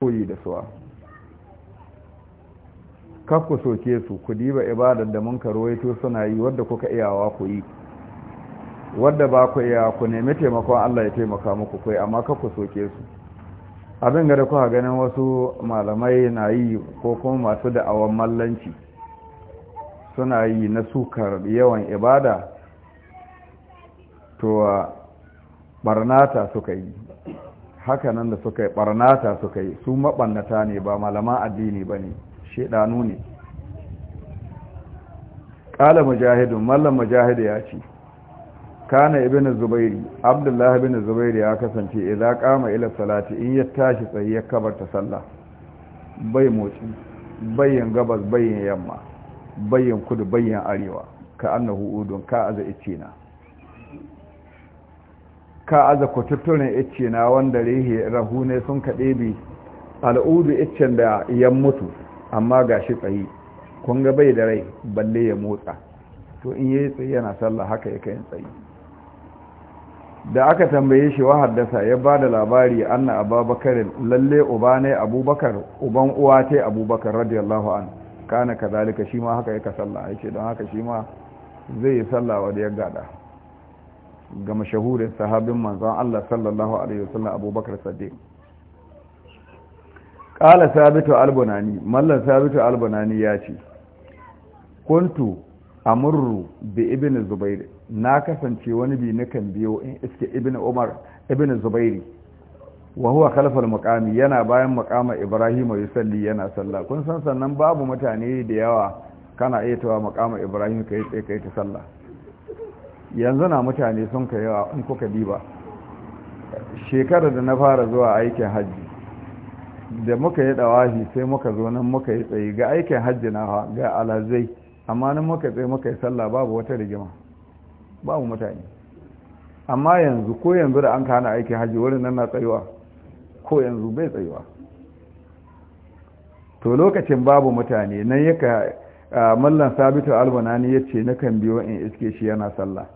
koyi da suwa ku soke su ku diba ibadar da mun karoyato suna yi wadda kuka iyawa ku yi wadda ba ku iya ku nemi taimakon Allah ya taimaka muku kai amma ku soke su abin ga da ganin wasu malamai na yi ko kuma masu da'awan mallanci suna yi na sukar yawan ibada to barnata suka yi haka nan da suka yi barnata suka yi su maɓannata ne ba malama addini ba ne shaidanu ne ƙala mujahidun mallam mujahidu ya ce kana ibn zubairi abdullah ibn zubairi ya kasance idan kama ila salati in ya tashi tsaye ya kabarta sallah bai motsi yin gabas yin yamma yin kudu yin arewa ka annahu udun ka aza cina. ka aza kututtunan icce na wanda rehe rahu sun kaɗe bi al'udu iccen da ya mutu amma ga shi tsayi kun ga bai da rai balle ya motsa to in yi tsayi yana sallah haka ya kayan tsayi da aka tambaye shi wa haddasa ya ba da labari anna ababakar lalle uba abubakar uban uwa ce abubakar radiyallahu an kana kazalika shi ma haka ya ka sallah ya ce don haka shi ma zai yi sallah da ya gada ga mashahurin sahabin manzon Allah sallallahu alaihi wasallam Abubakar Saddiq Qala Sabitu Albunani mallan Sabitu Albunani ya ce kuntu amru bi ibn Zubair na kasance wani bi nakan biyo in iske ibn Umar ibn Zubairi wa huwa khalfal muqami yana bayan maqama Ibrahim yusalli yana sallah kun san sannan babu mutane da yawa kana iya tawa muqama Ibrahim kai tsaye kai ta sallah yanzu na mutane sun ka yawa in kuka diba shekarar da na fara zuwa aikin hajji da muka yi dawahi sai muka zo nan muka yi tsaye ga aikin hajji na ga alazai amma nan muka tsaye muka yi sallah babu wata rigima babu mutane amma yanzu ko yanzu da an kana aikin hajji wurin nan na tsayuwa ko yanzu bai tsayuwa to lokacin babu mutane nan yaka mallan sabitu albunani ya ce na kan biyo in iske shi yana sallah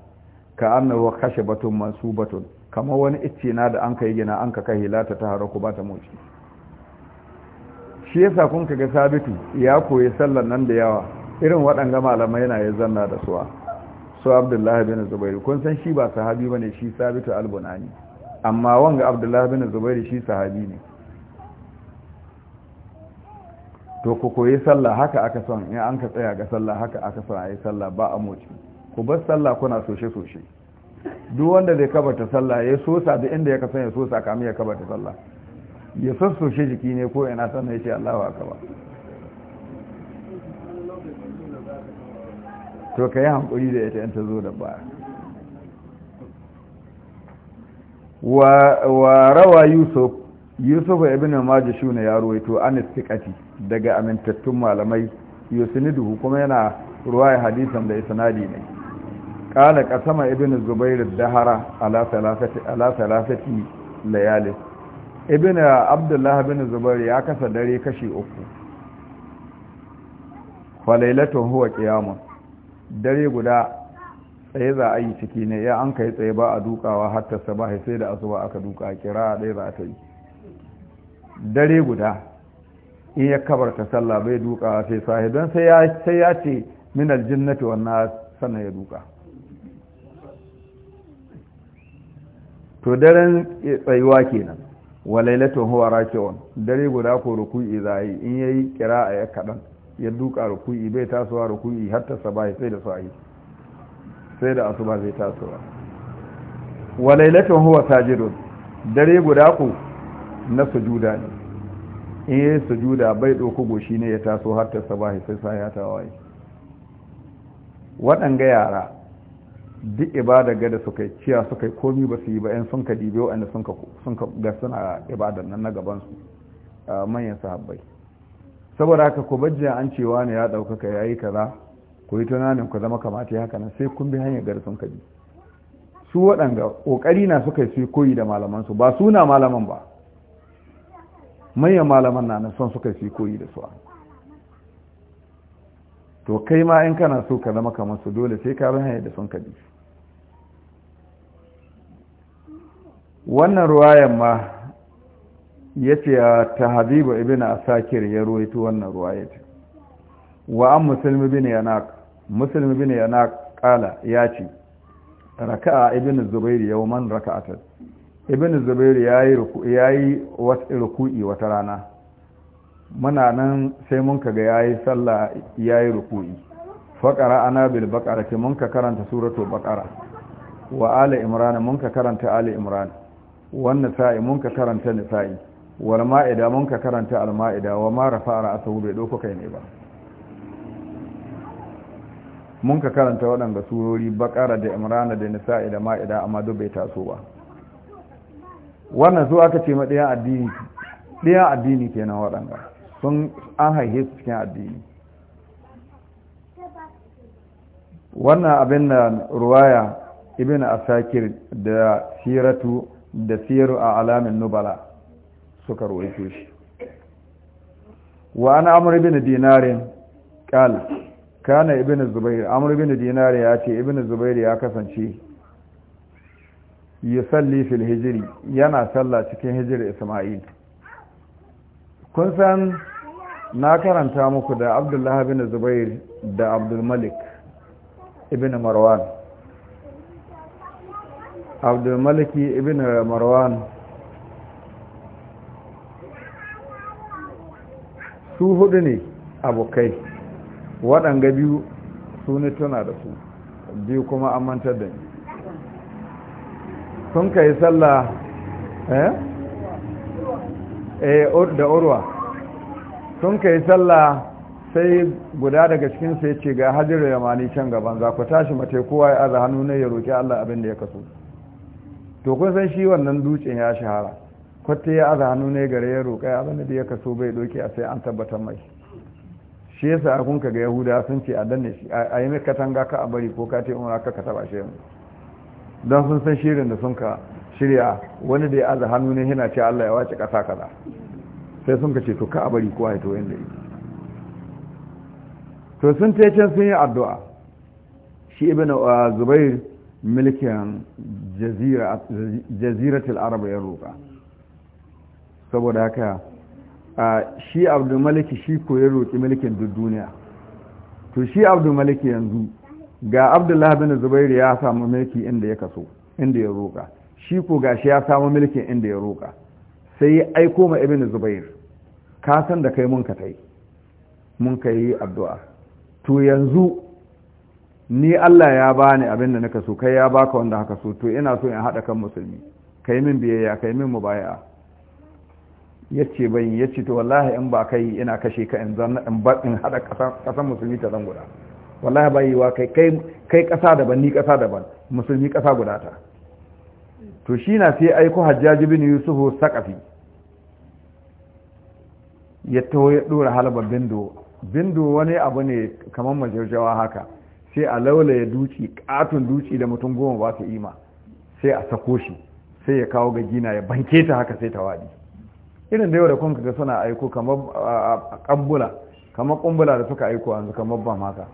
ka annahu khashabatun mansubatun kamar wani icce na da an kai gina an ka kai lata ta haraku ba ta moci shi yasa kun kaga sabitu ya koyi sallan nan da yawa irin waɗanga malamai na ya zanna da suwa su abdullahi bin zubairu kun san shi ba sahabi bane shi sabitu albunani amma wanga abdullahi bin zubairu shi sahabi ne to ku koyi sallah haka aka son in an ka tsaya ga sallah haka aka son a yi sallah ba a moci ku bar sallah kuna soshe-soshe duk wanda zai kabata sallah ya sosa da inda ya kasan ya sosa kamin ya kabata sallah ya soshe jiki ne ko yana sannan ya ce allahu akaba to ka yi hankuri da ita ta zo da baya wa rawa yusuf yusuf ibn majishu ne ya ruwaito an istiqati daga amintattun malamai yusnidu kuma yana ruwaya hadisan da isnadi ne kala kasama ibn zubairu dahara ala talafati layali ibn abdullah ibn zubairu ya kasa dare kashi uku falailatun huwa ƙiyamun dare guda tsaye za a yi ciki ne ya an kai tsaye ba a dukawa hatta sabahi sai da asuba aka duka a kira ɗaya za ta yi dare guda in ya kabarta sallah bai dukawa sai sahi don sai ya ce min aljinnati wannan sannan ya duka to daren tsayuwa kenan wa huwa raki'un dare guda ko ruku'i zai in yayi a ya kadan ya duka ruku'i bai tasowa ruku'i har ta sabahi sai da sa'i sai da asuba zai tasowa wa huwa sajidun dare guda ko na sujuda ne in yayi sujuda bai doko goshi ne ya taso har ta sabahi sai sai ya tawaye waɗanga yara duk ibada gada suka yi ciya suka yi komi ba su yi ba yan sun ka dibe wa'anda sun ka ga suna ibadar nan na gabansu manyan sahabbai saboda haka ku bajja an cewa ne ya ɗaukaka ya yi kaza ku yi tunanin ku zama kamata haka nan sai kun bi hanyar gari sun bi su waɗanga ƙoƙari na suka yi su koyi da malaman su ba suna malaman ba manyan malaman na nan son suka yi su koyi da su to kai ma in kana so ka zama kamar su dole sai ka bin da sun kabi wannan ruwayan ma ya ce ta habibu a sakir ya ruwaito wannan ruwaya ce wa an musulmi bini yana musulmi bin yana kala ya ce raka'a ibn zubairu yau man raka'atar ibn zubairu ya yi ruku'i wata rana muna nan sai mun kaga yayi sallah yayi ruku'i faqara ana bil baqara ke mun ka karanta suratul baqara wa ali imran mun ka karanta ali imran wan nisa'i mun ka karanta nisa'i wal ma'ida mun ka karanta al ma'ida wa ma rafa'a ra'sahu bai dauko kai ne ba mun ka karanta waɗanda surori baqara da imran da nisa'i da ma'ida amma duk bai taso ba wannan su aka ce ma ɗayan addini ɗayan addini kenan waɗanda sun an haihe su cikin addini wannan abin da ruwaya ibn asakir da siratu da siru a alamin nubala suka ruwaito shi wa ana amur ibn dinarin kal kana ibn zubair amur ibn dinarin ya ce ibn Zubairu ya kasance salli fil hijiri. yana sallah cikin hijr isma'il kun san na karanta muku da abdullahi bin zubair da abdulmalik ibn marwan abdulmaliki ibn marwan su hudu ne abokai waɗanga biyu su ne tuna da su biyu kuma an mantar da ni sun kai sallah eh Eh, da urwa sun kai sallah sai guda daga cikinsu ya ce ga hajjira mani can gaban za ku tashi mace kowa ya aza hannu ne ya roƙi allah abin da ya kaso to kun san shi wannan dutsen ya shahara kwatta ya aza hannu ne gare ya roƙa abin da ya kaso bai doke a sai an tabbatar mai shi yasa kun ka ga yahuda sun ce a danne shi a yi mai katanga ka a bari ko ka te umara ka ka taba shi don sun san shirin da sun ka shirya wani da ya aza hannu ne yana ce Allah ya wace ƙasa kaza sai sun ka ce to ka bari kowa ya to yanda yi to sun ce can sun yi addu'a shi ibn uh, zubair milkin jaziratul arab ya roƙa saboda haka uh, shi abdulmaliki shi ko ya roƙi mulkin duk duniya to shi abdulmaliki yanzu ga abdullahi bin zubairu ya samu mulki inda ya kaso inda ya roƙa shi ko gashi ya samu mulkin inda ya roƙa sai ya aiko ma ibn zubair ka san da kai mun ka tai mun ka yi addu'a to yanzu ni Allah ya bani abin da nika so kai ya baka wanda haka so to ina so in haɗa kan musulmi kai min biyayya kai min mubaya yace bai yace to wallahi in ba kai ina kashe ka in zan in ba in haɗa kasan musulmi ta zan guda wallahi bai wa kai kai kai kasa daban ni kasa daban musulmi kasa guda ta to shi na sai aiko hajjaji bin yusufu sakafi ya taho ya ɗora halaba bindo bindo wani abu ne kamar majarjawa haka sai a ya duci katon duci da mutum goma ba su ima sai a sako shi sai ya kawo ga gina ya banke ta haka sai ta wadi irin da yau da kun ga suna aiko kamar kambula kamar kumbula da suka aiko yanzu kamar ba maka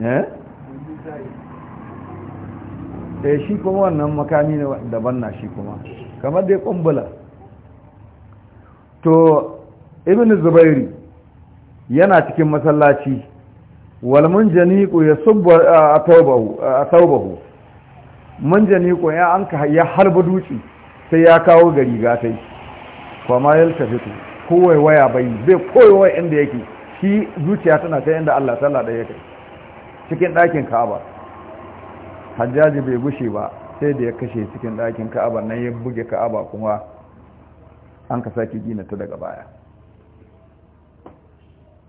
eh? eh shi kuma wannan makami ne daban na shi kuma kamar dai kumbula to ibn zubairi yana cikin masallaci walmun janiku ya subba a taubahu mun janiku ya an ka ya harba duci sai ya kawo gari gatai kuma ya tafitu kowai waya bai bai kowai inda yake shi zuciya tana ta inda Allah sallah da ya kai cikin ɗakin ka'aba hajjaji bai gushe ba sai da ya kashe cikin ɗakin ka'aba nan ya buge ka'aba kuma an ka sake gina ta daga baya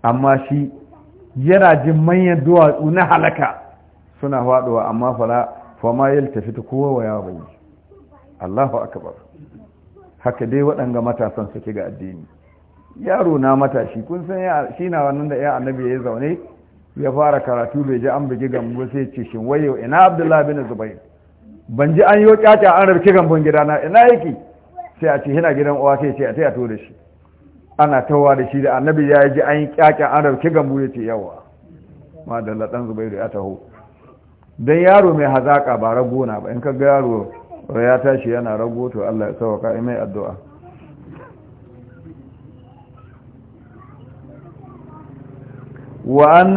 amma shi yana jin manyan duwatsu na halaka suna faɗuwa amma fara fama tafi ta kowa wa yawa yi Allahu akbar haka dai waɗanga matasan suke ga addini yaro na matashi kun san shi na wannan da ya annabi ya zaune ya fara karatu bai ji an bugi gambo sai ce shin wayo ina abdullahi bin zubair ban ji an yo kyacha an rabki gambon na, ina yake sai a ce yana gidan uwa sai ce a taya to da shi ana tawa da shi da annabi ya ji an yi kyacha an rabki gambo ya ce yawa madalla dan zubairu ya taho dan yaro mai hazaka ba ragona ba in ka ga yaro ya tashi yana rago to Allah ya sauka mai addu'a wa an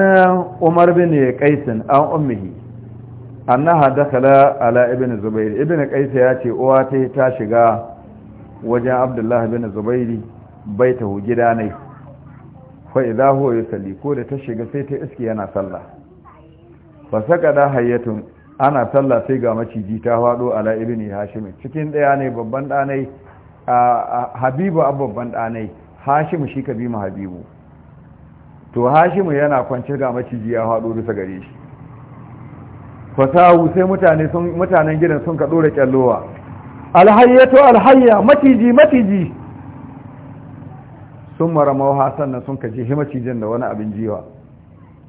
umar bin qais an ummihi hada kala ala ibn zubair ibn qais ya ce uwa ta ta shiga wajen abdullahi bin zubairi baitahu gida ne fa idza huwa yusalli ko da ta shiga sai ta iske yana sallah fa da hayyatun ana sallah sai ga maciji ta faɗo ala ibn hashim cikin daya ne babban danai habibu babban danai hashim shi ka bi mu habibu to hashimu yana kwance ga maciji ya haɗo bisa gare shi fasahu sai mutane sun mutanen gidan sun ka dora kyallowa to alhayya maciji maciji sun maramau sannan sun ka jihi macijin da wani abin jiwa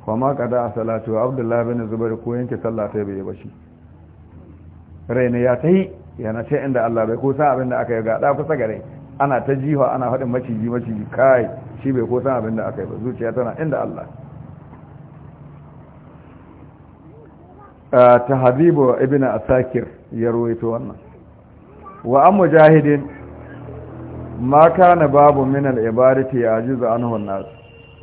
kuma kada a salatu abdullahi bin zubair ko yanke sallah ta bai shi. raina ya tahi yana ce inda Allah bai ko sa abin da aka yi ga da kusa gare ana ta jiwa ana haɗin maciji maciji kai shi bai ko san abin da aka yi ba zuciya tana inda Allah ta habibu ibn asakir ya ruwaito wannan wa an mujahidin ma kana babu min al-ibadati ajizu anhu an-nas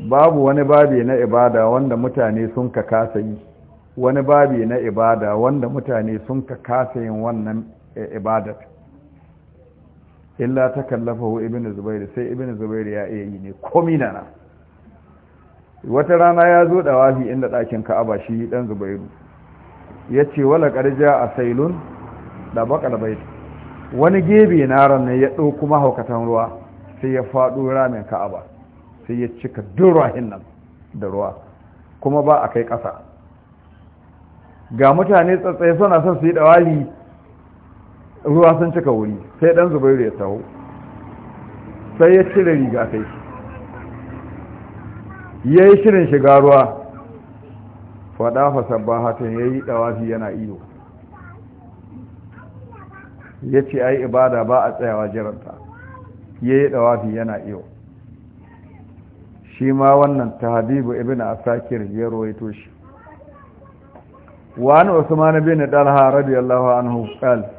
babu wani babi na ibada wanda mutane sun ka kasa yi wani babi na ibada wanda mutane sun ka kasa yin wannan ibadat illa ta kallafahu ibn Zubairu, sai ibn Zubairu ya iya yi ne komi na na wata rana ya zo da wafi inda ɗakin ka'aba shi ɗan zubairu ya ce wala ƙarja a sailun da baƙar bai wani gebe na ranar ya ɗau kuma haukatan ruwa sai ya faɗo ramin ka'aba sai ya cika durahin nan da ruwa kuma ba a kai ƙasa ga mutane tsatsai suna son su yi ɗawali ruwa sun cika wuri sai dan zubairu ya taho sai ya cire riga kai ya yi shirin shiga ruwa faɗa fasabba hatin ya yi ɗawafi yana iyo ya ce ai ibada ba a tsayawa jiranta ya yi ɗawafi yana iyo shi ma wannan ta habibu ibn asakir ya roito shi wani usman bin dalha radiyallahu anhu qala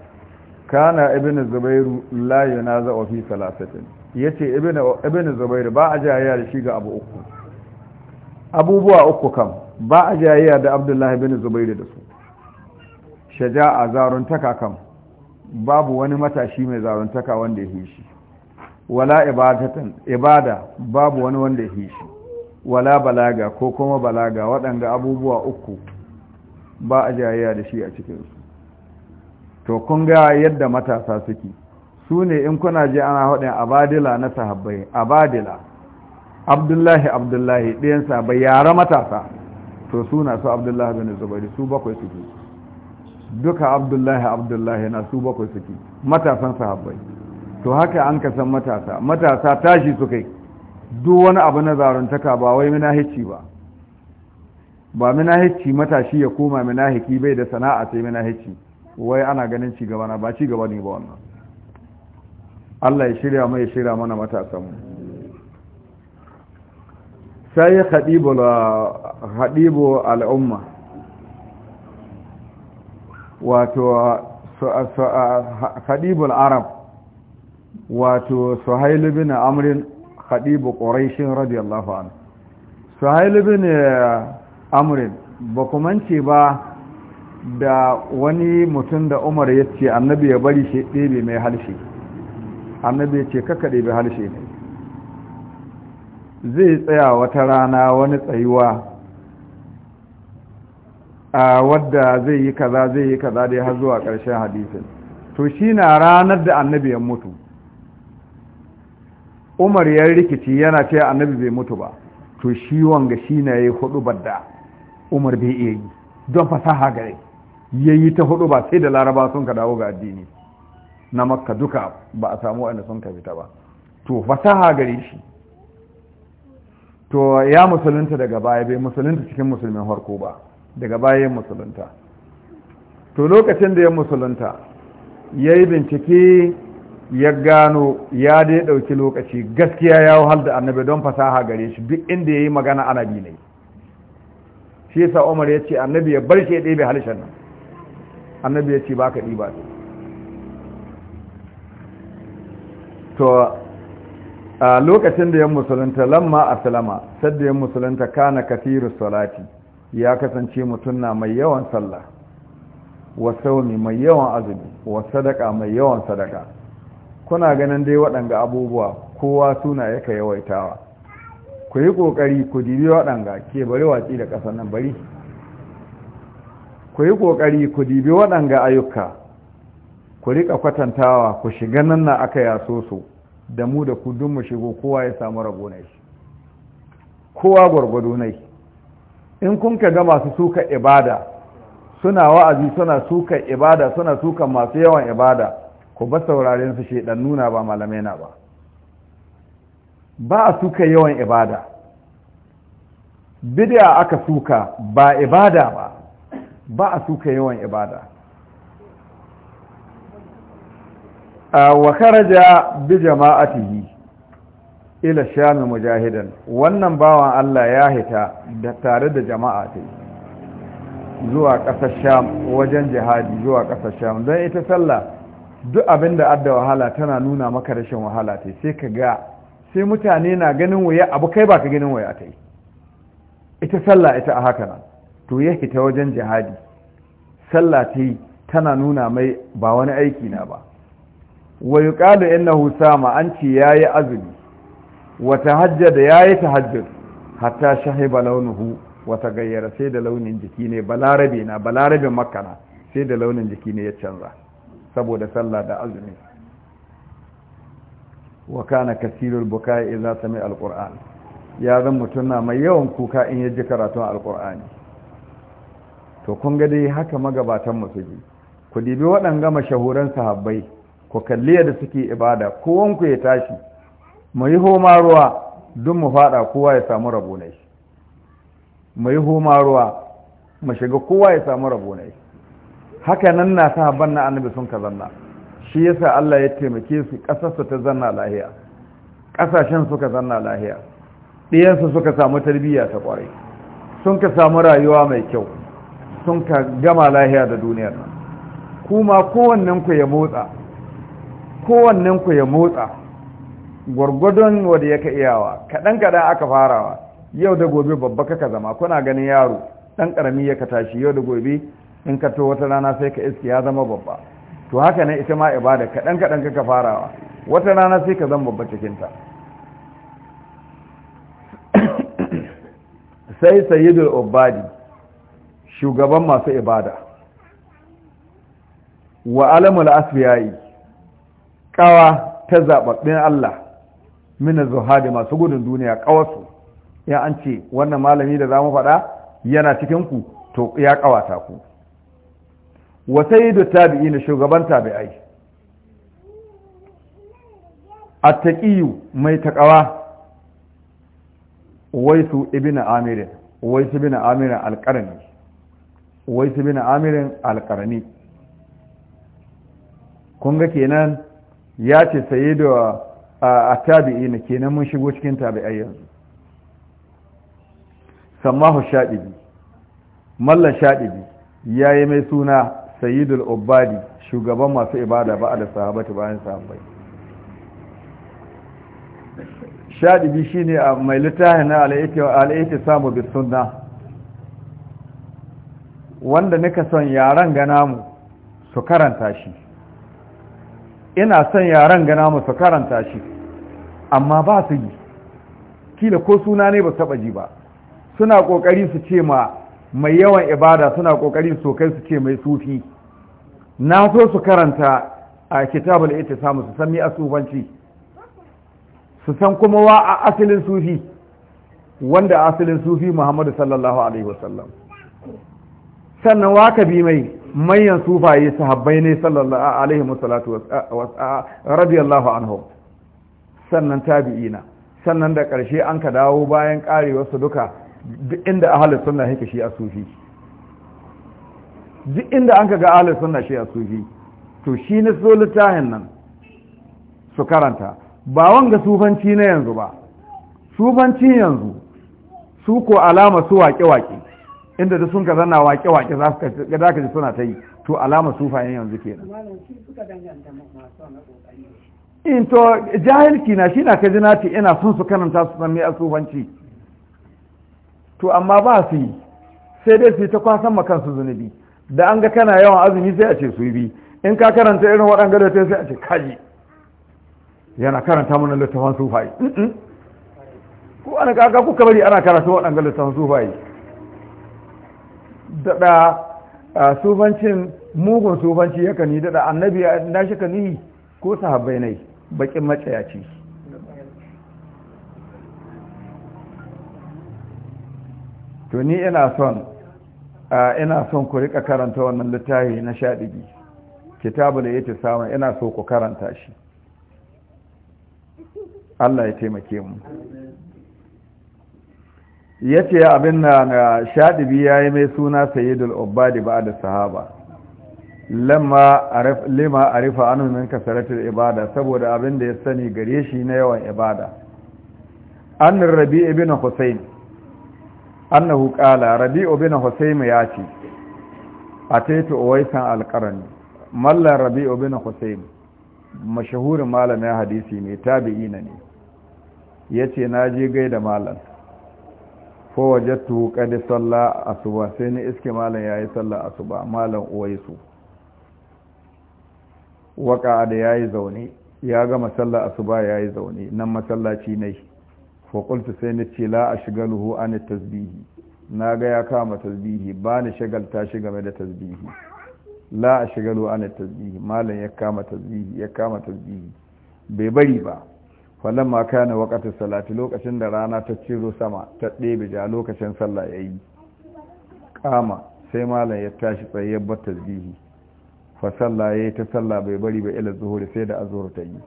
kana ibn zubairu la yunaza fi salasatin yace ibn ibn zubair ba a jayya da shi ga abu uku abubuwa uku kam ba a jayya da abdullahi ibn zubair da su shaja'a zaruntaka kam babu wani matashi mai zaruntaka wanda ya yi shi wala ibadatan ibada babu wani wanda ya yi shi wala balaga ko kuma balaga waɗanda abubuwa uku ba a jayya da shi a cikinsu to kun ga yadda matasa suke su ne in kuna je ana haɗin abadila na sahabbai abadila abdullahi abdullahi ɗayan sahabbai yara matasa to suna su abdullahi bin zubairu su bakwai suke duka abdullahi abdullahi na su bakwai suke matasan sahabbai to haka an kasan matasa matasa tashi su kai duk wani abu na zaruntaka ba wai minahici ba ba minahici matashi ya koma minahiki bai da sana'a sai minahici wai ana ganin cigaba na ba cigaba ne ba wannan Allah ya shirya mai shirya mana matasanmu sai ya haɗibo al'umma wato haɗibul arab wato suhailu bin amrin haɗibu ƙorashin radiyallahu anhu suhailu bin eh, amrin ba kumance ba da wani mutum da umar ya ce annabi ya bari shi ɗebe mai harshe, annabi ya ce kaka ɗebe harshe ne zai tsaya wata rana wani tsayuwa a wadda zai yi kaza zai yi kaza dai har zuwa ƙarshen hadisin to shi na ranar da annabi ya mutu umar ya rikici yana ce annabi bai mutu ba to shi wanga shi na ya yi hudu badda umar bai iya yi don fasaha gare ya yi ta hudu ba sai da laraba sun ka dawo ga addini na makka duka ba a samu wani sun ka fita ba to fasaha gare shi to ya musulunta daga baya bai musulunta cikin musulmin harko ba daga baya musulunta to lokacin da ya musulunta ya yi bincike ya gano ya dai ɗauki lokaci gaskiya ya wahal da annabi don fasaha gare shi duk inda ya yi magana ana bi ne shi yasa umar ya ce annabi ya bar shi ya ɗebe halishan nan annabi ya ce ba ka ɗiba to a lokacin da yan musulunta lamma a salama sadda yan musulunta kana kafiru salati ya kasance mutum na mai yawan sallah wasauni mai yawan azumi wa sadaka mai yawan sadaka kuna ganin dai waɗanga abubuwa kowa suna yaka yawaitawa ku yi ƙoƙari ku dibi waɗanga ke bari watsi da ƙasar nan bari ku yi ƙoƙari ku dibi waɗanga ayyuka ku rika kwatantawa ku shiga nan na aka yaso su da mu da ku dun mu shigo kowa ya samu rago na kowa gwargwado na in kun ka ga masu suka ibada suna wa'azi suna suka ibada suna suka masu yawan ibada ku ba sauraren su shedan nuna ba malamai na ba ba a suka yawan ibada bid'a aka suka ba ibada ba ba a suka yawan ibada wa kharaja bi jama'atihi ila shami mujahidan wannan bawan Allah ya hita da tare da jama'a ta zuwa kasar sham wajen jihadi zuwa kasar sham don ita sallah duk abin da adda wahala tana nuna maka rashin wahala ta sai ka ga sai mutane na ganin waya abu kai baka ganin waya ta ita sallah ita a haka nan to ya ta wajen jihadi sallah ta yi tana nuna mai ba wani aiki na ba wa yuqalu innahu sama an ce yi azumi Wata hajja da ya yi ta hajjar hatta ba launuhu wata gayyara sai da launin jiki ne balarabe na balarabe makana, sai da launin jiki ne ya canza saboda sallah da azumi wa kana kasirul bukai idza sami alquran ya zan mutuna mai yawan kuka in yaji karatun alqurani to kun ga dai haka magabatan mu suke ku dibi waɗanga mashahuran sahabbai ku kalli yadda suke ibada kowanku ya tashi mu yi homa ruwa duk mu faɗa kowa ya samu rabo shi mu yi homa ruwa mu shiga kowa ya samu rabo shi haka nan na sahabban na annabi sun ka zanna shi yasa Allah ya taimake su su ta zanna lahiya ƙasashen suka zanna lahiya ɗiyansu suka samu tarbiyya ta ƙwarai sun ka samu rayuwa mai kyau sun ka gama lahiya da duniyar nan kuma kowannen ku ya motsa kowannen ku ya motsa gwargwadon wanda yake iyawa kaɗan kaɗan aka farawa yau da gobe babba kaka zama kuna ganin yaro ɗan ƙarami ya ka tashi yau da gobe in ka to wata rana sai ka iske ya zama babba to haka ne ita ma ibada kaɗan kaɗan kaka farawa wata rana sai ka zama babba cikinta sai sayyidul ubadi shugaban masu ibada wa alamul asbiyayi kawa ta zababbin Allah mina zuhadi masu gudun duniya kawasu ya an ce wannan malami da za mu faɗa yana cikin ku to ya kawata ku wa sayyidu tabi'ina shugaban tabi'ai at mai taqawa waisu ibnu amir waisu ibnu amir al uwais bin amirin alƙarni kun ga kenan ya ce saye da a tabi'i na kenan mun shigo cikin tabi'ai yanzu sammahu shaɗibi mallan shaɗibi ya yi mai suna sayidul obadi shugaban masu ibada ba da sahabatu bayan sahabbai shaɗibi shine a mai littafi na al'aiti samu bisunna wanda nika son yaran gana mu su karanta shi ina son yaran gana mu su karanta shi amma ba su yi kila ko suna ne ba taba ji ba suna kokari su ce ma mai yawan ibada suna kokari su kai su ce mai sufi na so su karanta a kitabul ittisamu su san mi asubanci su san kuma wa a asalin sufi wanda asalin sufi Muhammadu sallallahu alaihi wasallam sannan waka bi mai manyan sufaye sahabbai ne sallallahu alaihi wasallatu radiyallahu anhu sannan tabi'ina sannan da ƙarshe an ka dawo bayan su duka duk inda ahli sunna yake shi a sufi duk inda an ka ga ahli sunna shi a sufi to shi ne so littafin nan su karanta ba wanga sufanci na yanzu ba sufanci yanzu su ko alama su waƙe-waƙe inda duk sun ka zanna wake wake za ka ji suna ta yi to alama sufayen yanzu nan in to jahilki na shi na ka ji ina son su karanta su sami a sufanci to amma ba su yi sai dai su yi ta kwasan ma kansu zunubi da an ga kana yawan azumi sai a ce su yi bi in ka karanta irin waɗanda da ta sai a ce kaji yana karanta mana littafan sufaye ko ana kaga kuka bari ana karatu waɗanga littafan sufaye daɗa sufancin mugun sufanci ya kani daɗa annabi na shi kani ko sahabbai ne bakin matsayaci to ni ina son ina son ku rika karanta wannan littafi na shaɗigi kitabu da ya yake samun ina so ku karanta shi Allah ya taimake mu ya ce abin na shaɗibi ya yi mai suna sayidul obadi ba da sahaba lima a rufe anumin kasaratul ibada saboda abin da ya sani gare shi na yawan ibada Annar rabi ibn hussein annahu qala rabi ibn hussein ya ce ataitu waisan alqarani mallan rabi ibn hussein mashahurin malamin hadisi ne tabi'ina ne yace naje gaida malam fawajattu qad salla asuba sai ni iske malam yayi salla asuba malam uwaisu waka da yayi zaune ya gama salla asuba yayi zaune nan masallaci ne fa qultu sai ni ce la ashgaluhu an tasbihi na ga ya kama tasbihi ba ni shagalta shi game da tasbihi la ashgalu an tasbihi malam ya kama tasbihi ya kama tasbihi bai bari ba falamma kana waqtu salati lokacin da rana ta ciro sama ta ɗebe ja lokacin sallah yayi kama sai malam ya tashi tsaye bar tasbihi fa sallah yayi ta sallah bai bari ba ila zuhuri sai da azhur ta yi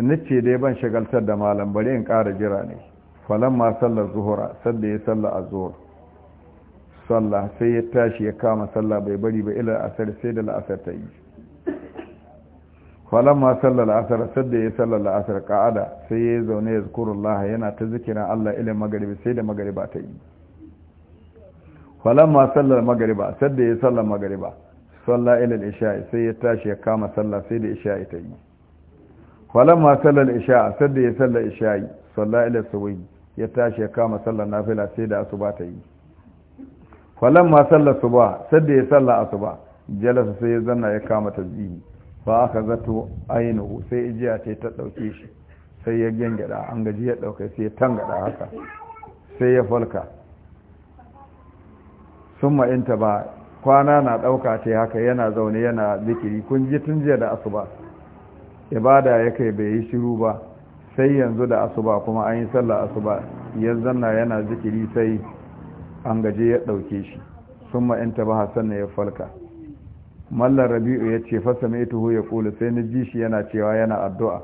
nace dai ban shagaltar da malam bari in ƙara jira ne falamma sallar zuhura sadda ya salla azhur sallah sai ya tashi ya kama sallah bai bari ba ila asar sai da la'asar ta yi falamma sallar asar sadda ya sallar la'asar ka'ada sai ya zaune ya zikurullah yana ta zikirin Allah ilin magaribi sai da magariba ta yi falamma sallar magariba sadda ya sallar magariba salla ilin isha'i sai ya tashi ya kama sallar, sai da isha'i ta yi falamma sallar isha'a sadda ya sallar isha'i salla ilin suwai ya tashi ya kama sallar nafila sai da asuba ta yi falamma sallar suba sadda ya sallar asuba jalasa sai ya zanna ya kama tasbihi ba aka zato ainihu sai ijiya ce ta ɗauke shi sai ya gengada an gaji ya ɗauke sai ya tangaɗa haka sai ya falka sun ma'inta ba kwana na ɗauka ce haka yana zaune yana zikiri kun ji tun jiya da asuba ibada ya kai bai yi shiru ba sai yanzu da asuba kuma an yi sallah asuba ya zanna yana zikiri sai an gaje ya ɗauke shi sun ma'inta ba hassan ya falka mallar rabi'u ya ce fasa mai tuhu ya kula sai na ji shi yana cewa yana addu'a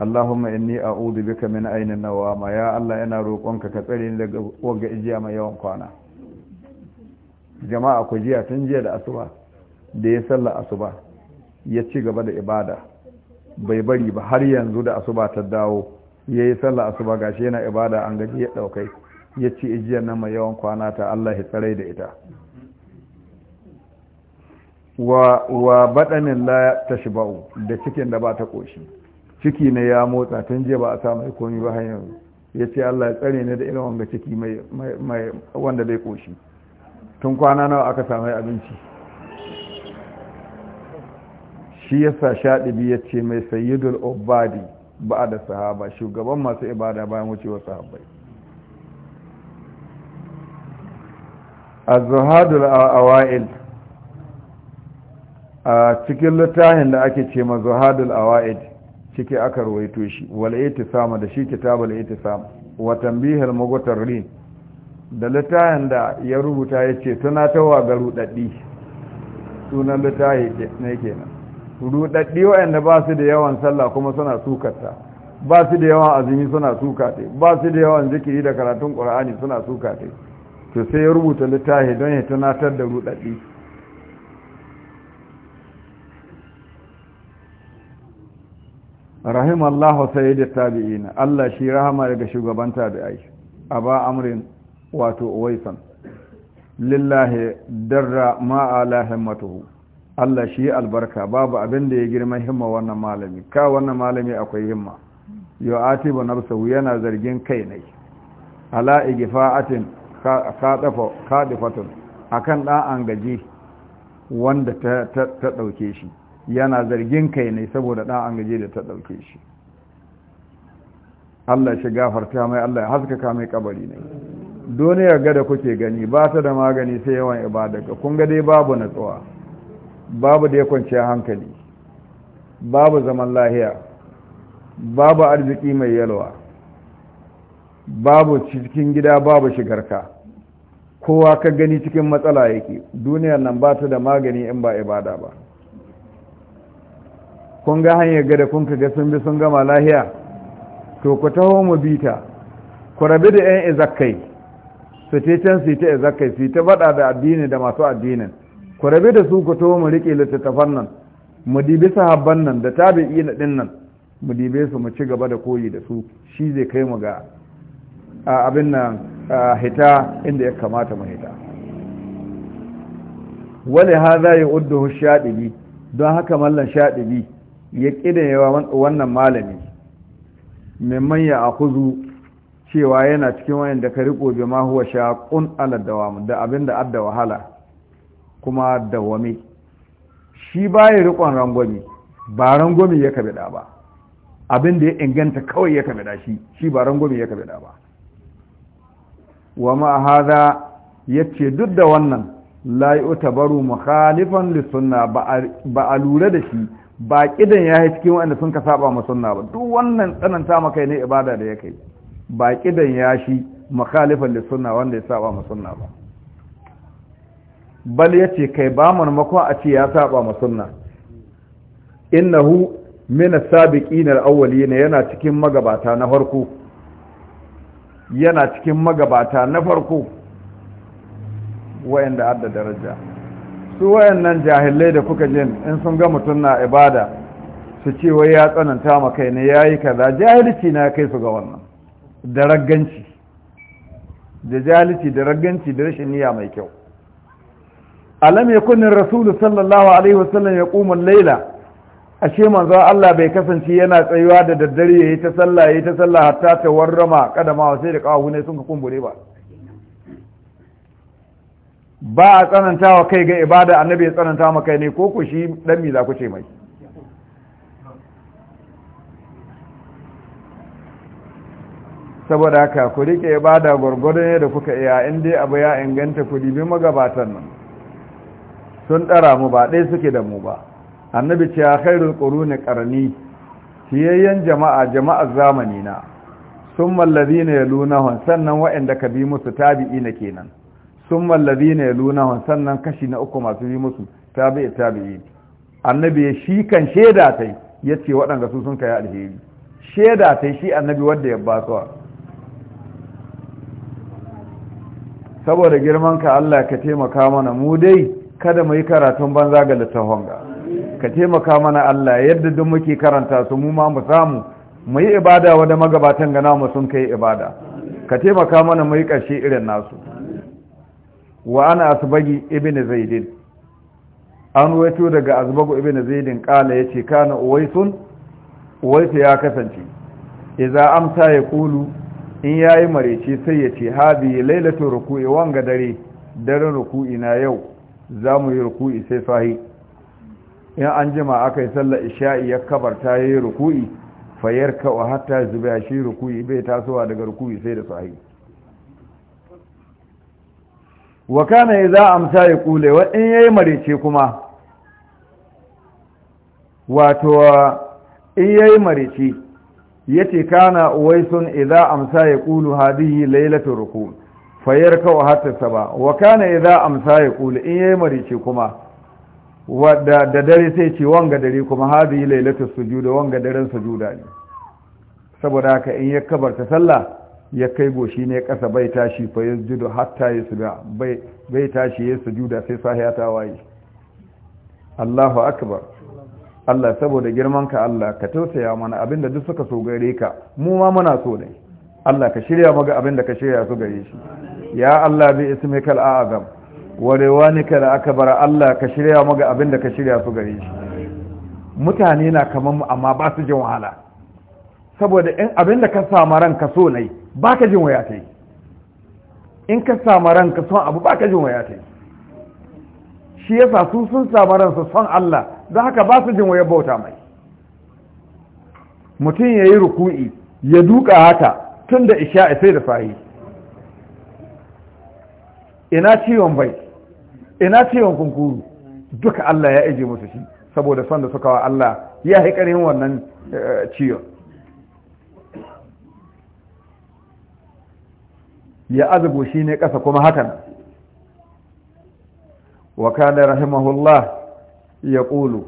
allahumma inni a'udhu bika min ainin nawama ya allah yana roƙonka ka tsare ni daga wagga ijiya mai yawan kwana jama'a ku jiya tun jiya da asuba da ya salla asuba ya ci gaba da ibada bai bari ba har yanzu da asuba ta dawo ya yi salla asuba gashi yana ibada an gaji ya ɗaukai ya ci ijiyar nan mai yawan kwana ta allah ya tsare da ita wa wa badanin la tashba'u da cikin da ba ta koshi ciki ne ya motsa tun jiya ba a samu komai ba har Ya yace Allah ya tsare ni da irin wanga ciki mai mai wanda bai koshi tun kwana nawa aka samu abinci shi yasa shaɗibi ya ce mai sayyidul obadi ba da sahaba shugaban masu ibada bayan wucewa sahabbai az-zuhadul awa'il a cikin littafin da ake ce ma zuhadul awaid ciki aka ruwaito shi wal sama da shi kitabul itisam wa tanbihul rin. da littafin da ya rubuta yace wa ga rudaddi sunan littafi ne kenan rudaddi wayanda ba su da yawan sallah kuma suna sukarta ba su da yawan azumi suna sukate ba su da yawan zikiri da karatun qur'ani suna sukate to sai ya rubuta littafi don ya tunatar da rudaddi rahimallahu da tabi'ina Allah shi rahama daga shugaban tabi'ai ba amrin wato uwaisan lillahi darra ma himmatuhu Allah shi albarka babu abin da ya girma himma wannan malami ka wannan malami akwai himma yu'atibu nafsahu yana zargin kai ne ala igfa'atin kadafa kadifatun akan dan angaji wanda ta ta dauke shi yana zargin kai ne saboda ɗan an gaje da ta ɗauke shi Allah shi gafarta mai Allah ya haskaka mai kabari ne duniyar gada kuke gani ba ta da magani sai yawan ibadaka kun ga dai babu natsuwa babu da ya kwanciya hankali babu zaman lahiya babu arziki mai yalwa babu cikin gida babu shigarka kowa ka gani cikin matsala yake duniyar nan ba ta da magani in ba ibada ba kun ga hanyar gada kun ga sun bi sun gama lahiya to ku taho mu bi ta ku rabi da yan izakai su ce can su ta izakai su yi ta faɗa da addini da masu addinin ku rabi da su ku taho mu riƙe littattafan nan mu dibi sahabban nan da tabi'i na ɗin nan mu dibe su mu ci gaba da koyi da su shi zai kai mu ga abin nan hita inda ya kamata mu hita wale ha za yi uddu shaɗibi don haka mallan shaɗibi ya ƙidayewa wannan malami memman ya akuzu cewa yana cikin wayan da ka riko jama ma huwa shaqun ala dawam da abin da adda wahala kuma dawame shi ba ya riƙon rangwami ba rangwami ya kabida ba abin da ya inganta kawai ya kabida shi shi ba rangwami ya kabida ba wa ma ya yace duk da wannan la yu'tabaru mukhalifan lis sunna ba a lura da shi ba kidan ya yi cikin wanda sun ka saba ma sunna ba duk wannan tsananta maka ne ibada da ya kai ba kidan ya shi makhalifan li sunna wanda ya saba ma sunna ba bal yace kai ba marmako a ce ya saba ma sunna innahu min as-sabiqin al-awwalin yana cikin magabata na farko yana cikin magabata na farko wayanda adda daraja su wayannan jahilai da kuka jin in sun ga mutum na ibada su ce wai ya tsananta ma kai ne yi kaza jahilci na kai su ga wannan da ragganci da jahilci da ragganci da rashin niyya mai kyau alam kunni rasul sallallahu alaihi wasallam ya kuma laila ashe manzo Allah bai kasance yana tsayuwa da daddare yayi ta sallah yayi ta sallah hatta ta warrama kadama sai da kawu ne sun ka kumbure ba ba a wa kai ga ibada annabi ya tsananta kai ne ko ku shi dan mi za ku ce mai saboda haka ku rike ibada gwargwadon ne da kuka iya in dai abu ya inganta ku dibi magabatan nan sun ɗara mu ba ɗaya suke da mu ba annabi ce ya khairul quruni qarni fiyayyen jama'a jama'ar zamani na sun mallazi ne sannan waɗanda ka bi musu tabi'i na kenan sun mallabi na ya luna sannan kashi na uku masu yi musu tabi'i tabi'i annabi shi kan shaida ta ya ce waɗanda su sun kai alheri shaida ta shi annabi wadda ya ba su saboda girman ka Allah ka taimaka mana mu dai kada mu yi karatun banza ga littafin ga ka taimaka mana Allah yadda duk muke karanta su mu ma mu samu mu yi ibada da magabatan ga namu sun kai ibada ka taimaka mana mu yi ƙarshe irin nasu wa ana asbagi ibn zaidin an wato daga asbagu ibn zaidin kala yace kana uwaisun uwaisu ya kasance idza amsa ya kulu in yayi mareci sai yace hadi lailatu ruku'i wanga dare daren ruku'i na yau zamu yi ruku'i sai sahi in an jima aka yi sallar isha'i ya kabarta yayi ruku'i fayarka wa hatta zuba shi ruku'i bai tasowa daga ruku'i sai da sahi wa kana idza amsa ya kule wa in yayi marice kuma wato in yayi marece yace kana uwaisun idza amsa ya kulu hadihi laylatul ruku fayarka wa hatta saba wa kana idza amsa ya kulu in yayi marice kuma wadda da dare sai ce wanga dare kuma hadihi lailatul sujuda wanga daren sujuda ne saboda haka in ya kabarta sallah ya kai goshi ne kasa bai tashi fa judo hatta ya bai bai tashi ya sujuda sai sahiya ta waye Allahu akbar Allah saboda girman ka Allah ka tausaya mana abinda duk suka so gare ka mu ma muna so ne Allah ka shirya maga abinda ka shirya su gare shi ya Allah bi ismikal a'zam wa riwanikal akbar Allah ka shirya maga abinda ka shirya su gare shi mutane na kaman mu amma ba su jin wahala saboda in abinda ka sa ma ka so ne ba ka jin waya ta yi in ka samu ka son abu ba ka jin waya ta yi shi yasa su sun samu su son Allah don haka ba su jin waya bauta mai mutum ya yi ruku'i ya duka haka tun da isha'i sai da sahi ina ciwon bai ina ciwon kunkuru duka Allah ya ije musu shi saboda son da suka wa Allah ya haikarin wannan eh, ciwon ya azubu shi ne ƙasa kuma hakan wa kane rahimahullah ya ƙulu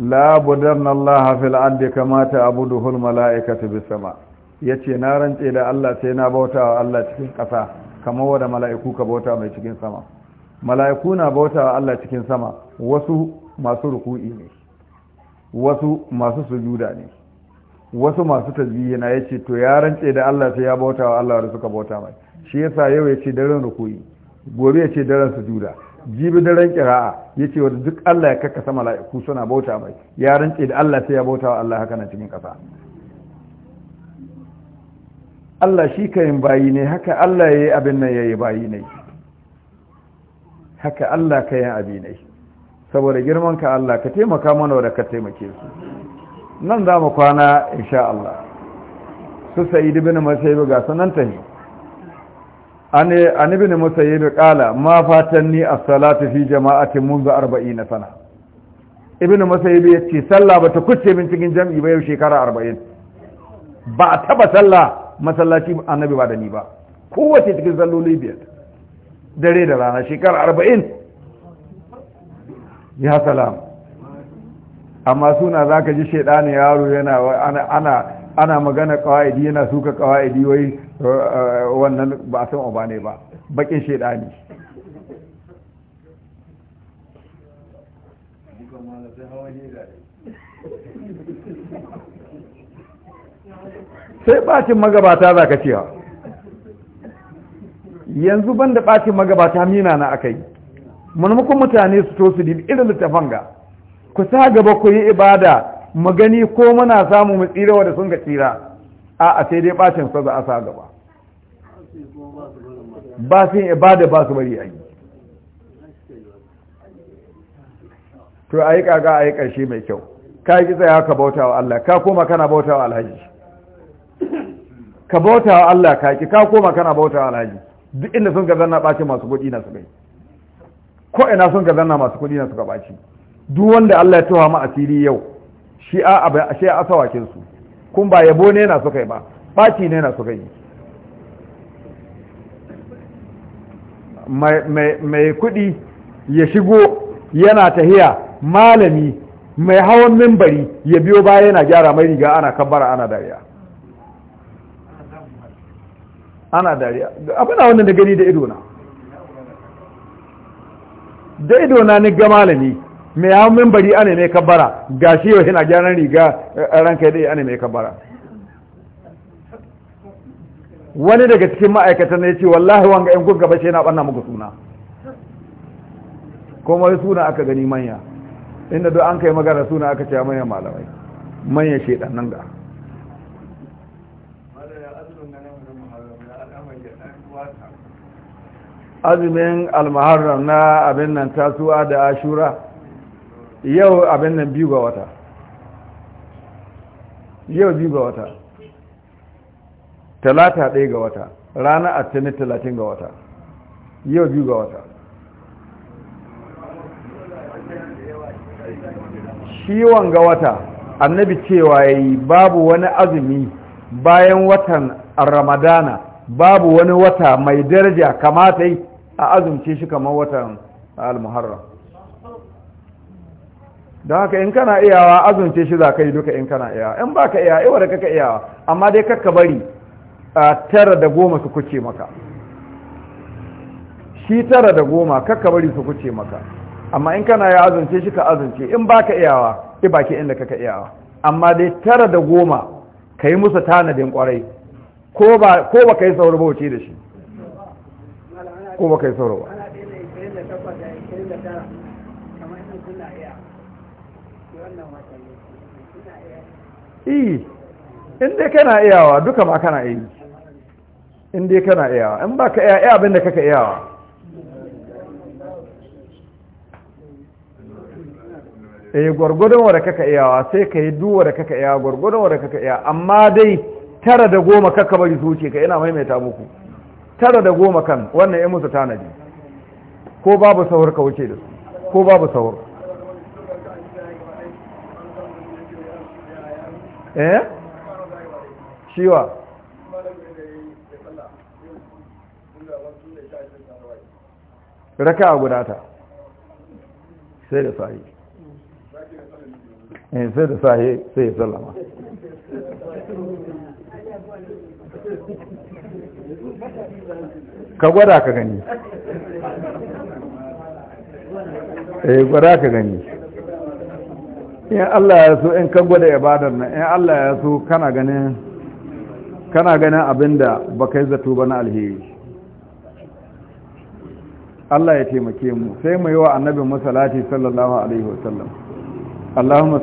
labudan Allah fil kamata a ta mala'ika mala'ikatu bis sama yace na rance da Allah sai na bauta wa Allah cikin ƙasa kamar wadda mala'iku ka bauta mai cikin sama mala'iku na bauta wa Allah cikin sama wasu masu ruku'i ne wasu masu sujuda ne wasu masu tasbihi na yace to ya rantse da Allah sai ya bauta wa Allah da suka bauta mai shi yasa yau yace daren rukuyi gobe yace daren sujuda jibi daren kira'a yace wa duk Allah ya kakkasa mala'iku suna bauta mai ya rantse da Allah sai ya bauta wa Allah haka nan cikin kasa Allah shi kayin bayi ne haka Allah yayi abin nan yayi bayi ne haka Allah kayin abi ne saboda girman ka Allah ka taimaka mana da ka taimake su nan za mu kwana insha Allah su sayi dubin masaibu ga sanan ta ne an ibn musayyibi kala ma fatan ni as-salatu fi jama'atin منذ 40 sana ibn musayyibi ce sallah ta kuce min cikin jami'i ba yau shekara 40 ba a taba sallah masallaci annabi ba da ni ba kowace cikin salloli biyar dare da rana shekara 40 ya salam amma suna za ka ji shaidani yaro yana ana ana magana kawa'idi yana suka kawa'idi wai uh, uh, wannan ba a san uba ne ba bakin shaidani sai bacin magabata za ka cewa yanzu ban da bacin magabata mina na aka yi mutane su to su dibi irin littafan ga ku sa gaba ku yi ibada mu gani ko muna samu mu tsira wanda sun ga tsira a a sai dai bacin sa za a sa gaba ba su ibada ba su bari a yi to a yi kaga a yi ƙarshe mai kyau ka yi tsaya ka bauta wa Allah ka koma kana bauta wa alhaji ka bauta wa Allah ka ki ka koma kana bauta wa alhaji duk inda sun ga zanna ɓaci masu kuɗi na su kai ko ina sun ga zanna masu kuɗi na su ga ɓaci duk wanda Allah ya tawa ma asiri yau shi a shi a asawakin su kun ba yabo ne na suka yi ba baki ne na suka yi mai kudi ya shigo yana tahiya malami mai hawan mimbari ya biyo baya yana gyara mai riga ana kabbara ana dariya ana dariya abin da wannan da gani da idona da idona ni ga malami mai yawon mimbari ana mai kabbara ga shi yau yana gyaran riga eh, ranka dai ana mai kabbara wani daga cikin ma'aikatan ne ce wallahi wanga yan kun gaba shi yana ɓanna muku suna kuma wani suna aka gani manya inda duk an kai magana suna aka ce manyan malamai manyan shaidan nan ga azumin almaharar na abin nan tasuwa da ashura yau abin nan biyu ga wata yau biyu ga wata talata ɗaya ga wata rana attini talatin ga wata yau biyu ga wata ciwon ga wata annabi cewa ya yi babu wani azumi bayan watan ramadana babu wani wata mai daraja kamata yi a azumce shi kamar watan al-muharram don haka in kana iyawa azunce shi za ka yi duka in kana iyawa in ba ka iyawa iwa da kaka iyawa amma dai kakka bari a tara da goma su kuce maka shi tara da goma kakka bari su kuce maka amma in kana ya azunce shi ka azunce in ba ka iyawa i baki inda kaka iyawa amma dai tara da goma ka yi musu tanadin kwarai ko ba ka yi sauri da shi ko ba ka yi sauri iyi e, in dai kana iyawa duka ma kana yi in dai kana iyawa in ba ka iya iya abinda kaka iyawa eh gwargwadon wadda kaka iyawa sai ka yi duwa da kaka iyawa gwargwadon wadda kaka iyawa amma dai tara da goma kaka bari su ka ina maimaita muku tara da goma kan wannan ya musu tanadi ko babu sahur ka wuce da su ko babu sahur eh shiwa raka guda ta sai da sahi eh sai da sahi sai ya sallama ka gwada ka gani eh gwada ka gani in Allah ya so in ka gwada ibadar nan in Allah ya so kana ganin kana ganin abinda ba kai zato ba na alheri Allah ya taimake mu sai mu yi wa annabi masalati sallallahu alaihi wasallam Allahumma